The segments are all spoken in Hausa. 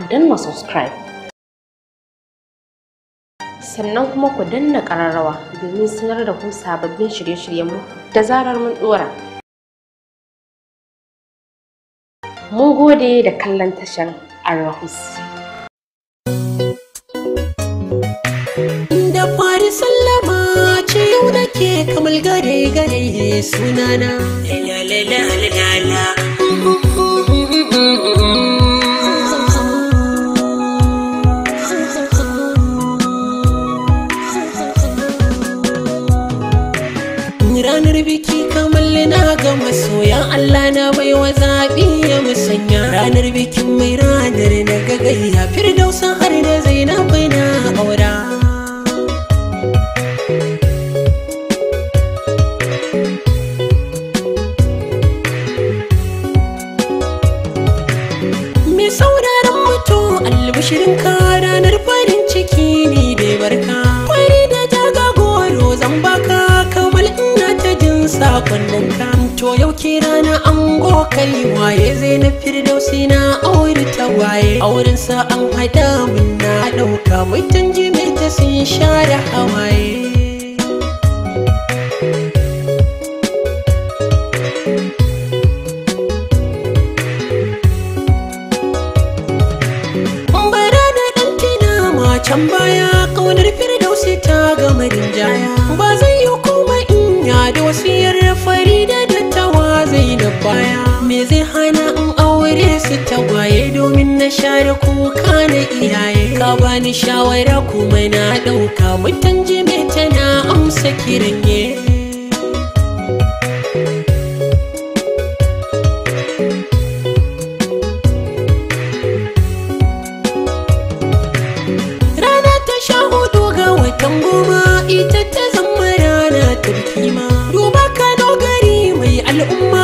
ku danna subscribe sannan kuma ku danna kararrawa domin sanar da ku sababbin shirye-shiryenmu da zarar mun ɗora. Mun gode da kallon tashar Arahus. Da fari sallama ce yau nake kamar gare gare sunana. Lalala ga masoya Allah na bai wa zaɓi ya musanya ranar bikin mai ranar na gagaya firdausa har da zainabai na aura Me sauraron mutu albishirinka na ango kai waye zai na firdausi na auri ta waye auren sa an haɗa na ɗauka mutan ta sun share hawaye can baya kaunar firdausi ta gama rinjaya ba zai yi komai in ya da wasu me zai hana in aure su tagwaye domin na share kuka na iyaye ka bani shawara kuma na ɗauka mutan jime tana amsa kiran ita ta zama rana ta ma duba kano gari mai al'umma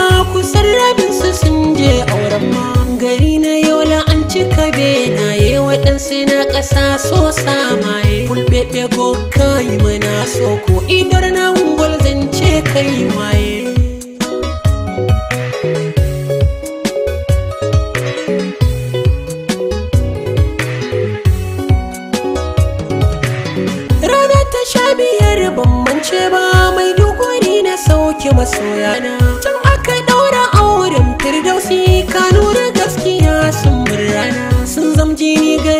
sa so samaye kun bebe go kai mana so ko idar na ungol zance kai maye? rana ta sha biyar bambance ba mai dogori na sauke masoyana can aka daura auren firdausi da gaskiya sun murana sun zamji ni ga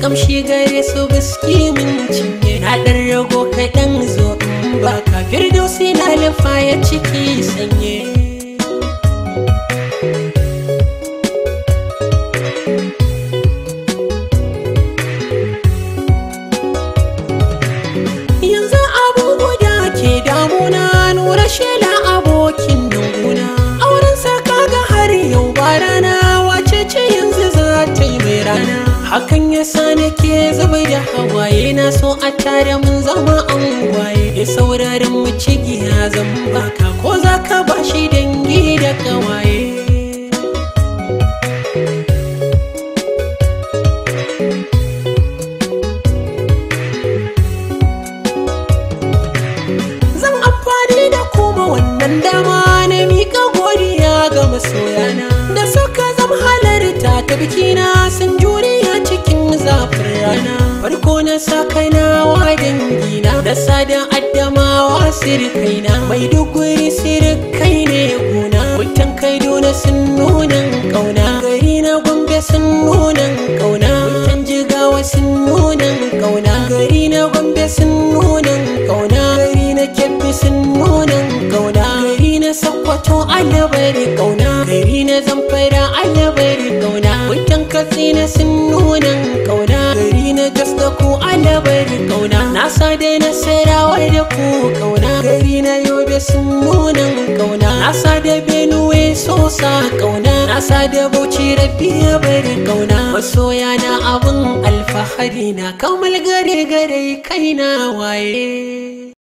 kamshi gare su biski min cinye na dan rago kaɗan zo ba ka firdausi na lufa ya ciki sanye hakan ya sa nake zuba da hawaye na so a tare mun zama waye. ya sauraren mu cigiya zan baka ko za ka bashi dangi da kawaye zan amfani da kuma wannan dama na miƙa godiya ga masoyana da suka zama halarta ta biki na sa kaina wa dangina da sadan addamawa sirkaina mai duguri sirkai ne guna mutan dole sun nuna kauna gari na gombe sun nuna kauna mutan jigawa sun nuna kauna gari na gombe sun nuna kauna gari na kebbi sun nuna kauna gari na sokoto alabari kauna gari na zamfara alabari kauna mutan katsina sun nuna kauna gari na jos da ya bari kauna na sa dai nasarawa da ku kauna gari na yobe sun munan kauna na sa da benue so sa kauna na sa da bauchi rabbi ya bari kauna masoya na abin alfahari na kamal gare gare kaina waye